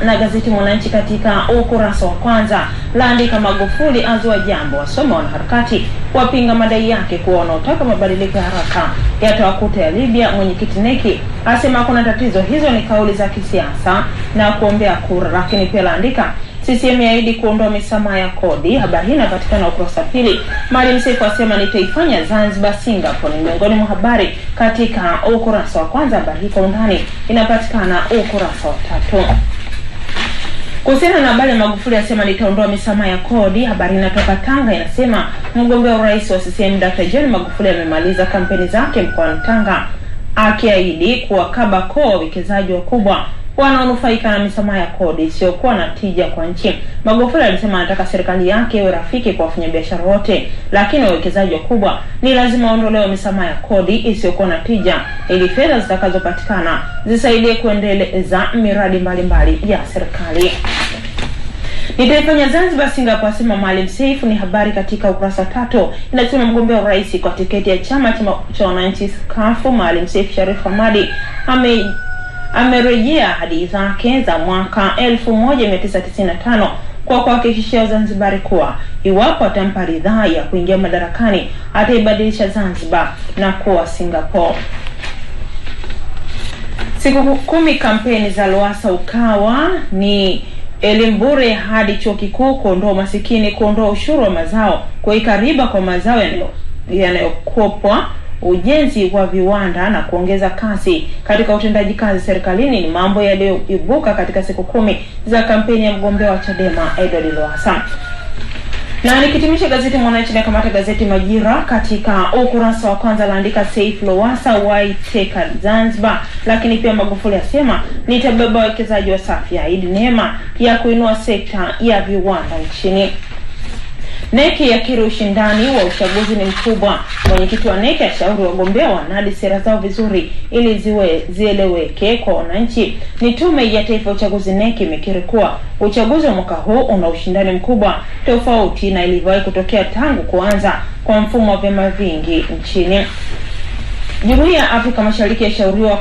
na gazeti Mwananchi katika ukurasa wa kwanza laandika Magufuli azua jambo, wasoma wanaharakati wapinga madai yake kuwa wanaotaka mabadiliko ya haraka yatawakuta ya Libya. Mwenyekiti Neki asema kuna tatizo, hizo ni kauli za kisiasa na kuombea kura. Lakini pia laandika CCM yaahidi kuondoa misamaha ya kodi. Habari hii inapatikana ukurasa wa pili. Maalim Seif asema nitaifanya Zanzibar Singapore, ni miongoni mwa habari katika ukurasa wa kwanza. Habari hii kwa undani inapatikana ukurasa wa tatu. Kuhusiana na habari ya Magufuli asema nitaondoa misamaha ya kodi, habari inatoka Tanga inasema mgombea urais wa CCM Dr. John Magufuli amemaliza kampeni zake mkoani Tanga akiahidi kuwakaba koo wawekezaji wakubwa wanaonufaika na misamaha ya kodi isiyokuwa na tija kwa nchi. Magufuli alisema anataka serikali yake iwe rafiki kwa wafanyabiashara wote, lakini wawekezaji wakubwa ni lazima waondolewe misamaha ya kodi isiyokuwa na tija ili fedha zitakazopatikana zisaidie kuendeleza miradi mbalimbali mbali ya serikali. Nitaifanya Zanzibar singapore asema Maalim Seif ni habari katika ukurasa tatu. Inasema mgombea wa urais kwa tiketi ya chama cha wananchi Skafu Maalim Seif Sharif Hamadi ame amerejea hadi zake za mwaka 1995 kwa kuhakikishia Zanzibari kuwa iwapo atampa ridhaa ya kuingia madarakani ataibadilisha Zanzibar na kuwa Singapore. Siku kumi kampeni za loasa Ukawa ni elimu bure hadi chuo kikuu, kuondoa umasikini, kuondoa ushuru wa mazao, kuweka riba kwa mazao yanayokopwa, ujenzi wa viwanda na kuongeza kasi katika utendaji kazi serikalini ni mambo yaliyoibuka katika siku kumi za kampeni ya mgombea wa Chadema Edward Lowassa. Na nikitimisha gazeti Mwananchi na kamata gazeti Majira katika ukurasa wa kwanza laandika Seif lowasa waiteka Zanzibar, lakini pia Magufuli asema nitabeba wawekezaji wa safi, ahidi neema ya kuinua sekta ya viwanda nchini. Neki yakiri ushindani wa uchaguzi ni mkubwa. Mwenyekiti wa Neki ashauri wagombea wanadi sera zao vizuri ili ziwe zieleweke kwa wananchi. Ni Tume ya Taifa ya Uchaguzi Neki imekiri kuwa uchaguzi wa mwaka huu una ushindani mkubwa tofauti na ilivyowahi kutokea tangu kuanza kwa mfumo wa vyama vingi nchini. Jumuiya ya Afrika Mashariki yashauriwa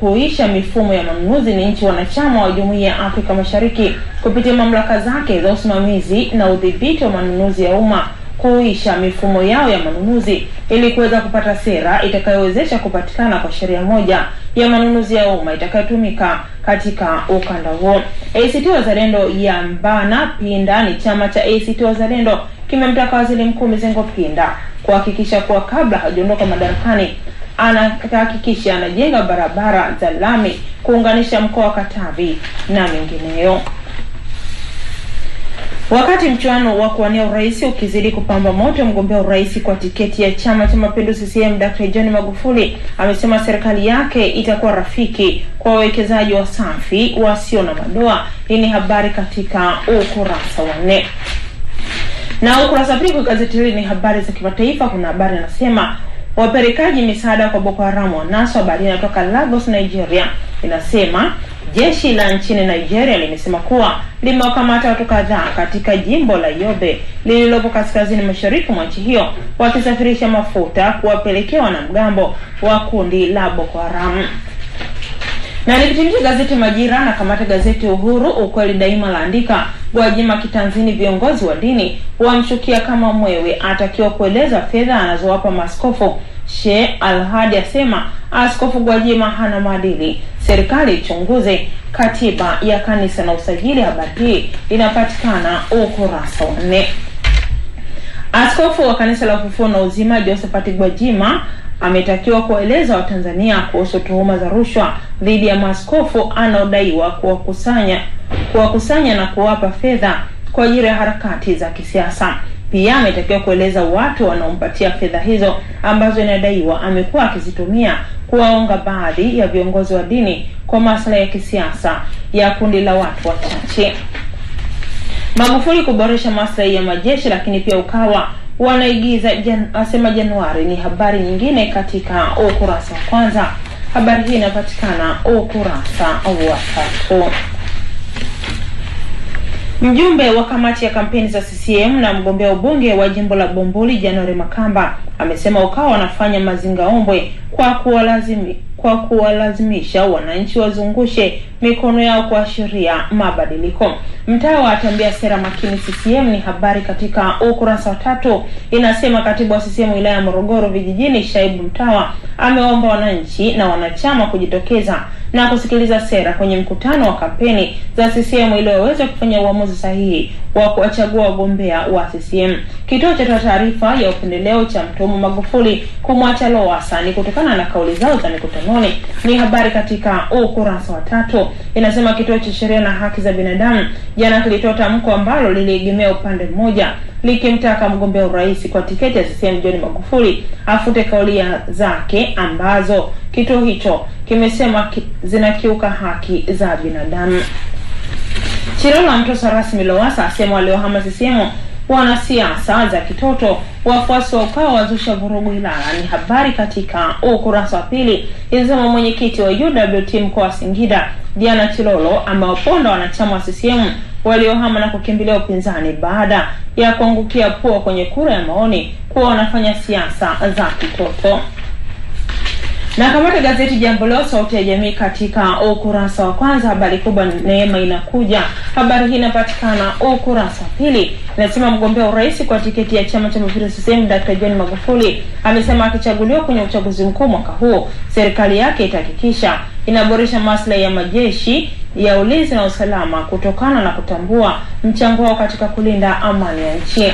kuisha mifumo ya manunuzi ni nchi wanachama wa Jumuiya ya Afrika Mashariki kupitia mamlaka zake za usimamizi na udhibiti wa manunuzi ya umma kuisha mifumo yao ya manunuzi ili kuweza kupata sera itakayowezesha kupatikana kwa sheria moja ya manunuzi ya umma itakayotumika katika ukanda huo. ACT Wazalendo ya Mbana Pinda ni chama cha ACT Wazalendo kimemtaka Waziri Mkuu Mizengo Pinda kuhakikisha kuwa kabla hajaondoka madarakani atahakikisha anajenga barabara za lami kuunganisha mkoa wa Katavi na mengineyo. Wakati mchuano wa kuwania urais ukizidi kupamba moto, mgombea urais kwa tiketi ya chama cha mapinduzi CCM Dr. John Magufuli amesema serikali yake itakuwa rafiki kwa wawekezaji wasafi wasio na madoa. Hii ni habari katika ukurasa wa nne na ukurasa pili kwa gazeti hili ni habari za kimataifa. Kuna habari inasema Wapelekaji misaada kwa Boko Haram wanaswa. Habari kutoka Lagos, Nigeria, inasema jeshi la nchini Nigeria limesema kuwa limewakamata watu kadhaa katika jimbo la Yobe lililopo kaskazini mashariki mwa nchi hiyo wakisafirisha mafuta kuwapelekea wanamgambo wa kundi la Boko Haram. Na nikitimisha gazeti Majira na kamata gazeti Uhuru, ukweli daima laandika Gwajima kitanzini, viongozi wa dini wamshukia kama mwewe, atakiwa kueleza fedha anazowapa maskofu she Alhadi asema Askofu Gwajima hana maadili, serikali ichunguze katiba ya kanisa na usajili. Habari hii inapatikana ukurasa wa nne. Askofu wa kanisa la Ufufuo na Uzima Josephat Gwajima ametakiwa kuwaeleza Watanzania kuhusu tuhuma za rushwa dhidi ya maaskofu anaodaiwa kuwakusanya kuwakusanya na kuwapa fedha kwa ajili ya harakati za kisiasa. Pia ametakiwa kueleza watu wanaompatia fedha hizo ambazo inadaiwa amekuwa akizitumia kuwaonga baadhi ya viongozi wa dini kwa masala ya kisiasa ya kundi la watu wachache. Magufuli kuboresha maslahi ya majeshi, lakini pia Ukawa wanaigiza jan, asema Januari ni habari nyingine katika ukurasa wa kwanza. Habari hii inapatikana ukurasa wa tatu. Mjumbe wa kamati ya kampeni za CCM na mgombea ubunge wa jimbo la Bomboli januari Makamba amesema Ukawa wanafanya mazingaombwe kwa kuwalazimi kwa kuwalazimisha wananchi wazungushe mikono yao kuashiria mabadiliko. Mtaa wa Tambia sera makini CCM ni habari katika ukurasa wa tatu, inasema katibu wa CCM wilaya ya Morogoro vijijini Shaibu Mtawa ameomba wananchi na wanachama kujitokeza na kusikiliza sera kwenye mkutano wa kampeni za CCM ili waweze kufanya uamuzi sahihi wa kuwachagua wagombea wa CCM. Kituo cha taarifa ya upendeleo cha Mtomo Magufuli kumwacha Lowassa ni kutokana na kauli zao za mikutanoni, ni habari katika ukurasa wa tatu. Inasema kituo cha sheria na haki za binadamu jana kilitoa tamko ambalo liliegemea upande mmoja likimtaka mgombea urais kwa tiketi ya CCM John Magufuli afute kauli zake ambazo kituo hicho kimesema ki, zinakiuka haki za binadamu. Chirolo Mtosa rasmi Lowassa asema waliohama CCM wanasiasa za kitoto, wafuasi wa Ukawa wazusha vurugu Ilala, ni habari katika ukurasa wa pili. Inasema mwenyekiti wa UWT mkoa wa Singida Diana Chilolo amewaponda wanachama wa CCM waliohama na kukimbilia upinzani baada ya kuangukia pua kwenye kura ya maoni kuwa wanafanya siasa za kitoto. Na kamata gazeti Jambo Leo sauti ya jamii katika ukurasa wa kwanza, habari kubwa neema inakuja. Habari hii inapatikana ukurasa pili, inasema mgombea urais kwa tiketi ya chama cha mapinduzi CCM Dr. John Magufuli amesema akichaguliwa kwenye uchaguzi mkuu mwaka huo serikali yake itahakikisha inaboresha maslahi ya majeshi ya ulinzi na usalama kutokana na kutambua mchango wao katika kulinda amani ya nchi.